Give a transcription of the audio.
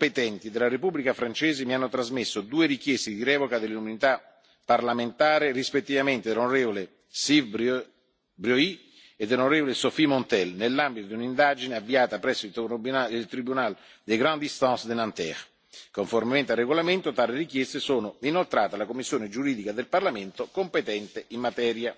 competenti della repubblica francese mi hanno trasmesso due richieste di revoca dell'immunità parlamentare rispettivamente dell'on. steve briois e dell'on. sophie montel nell'ambito di un'indagine avviata presso il tribunal de grande instance di nanterre. conformemente al regolamento tali richieste sono inoltrate alla commissione giuridica del parlamento competente in materia.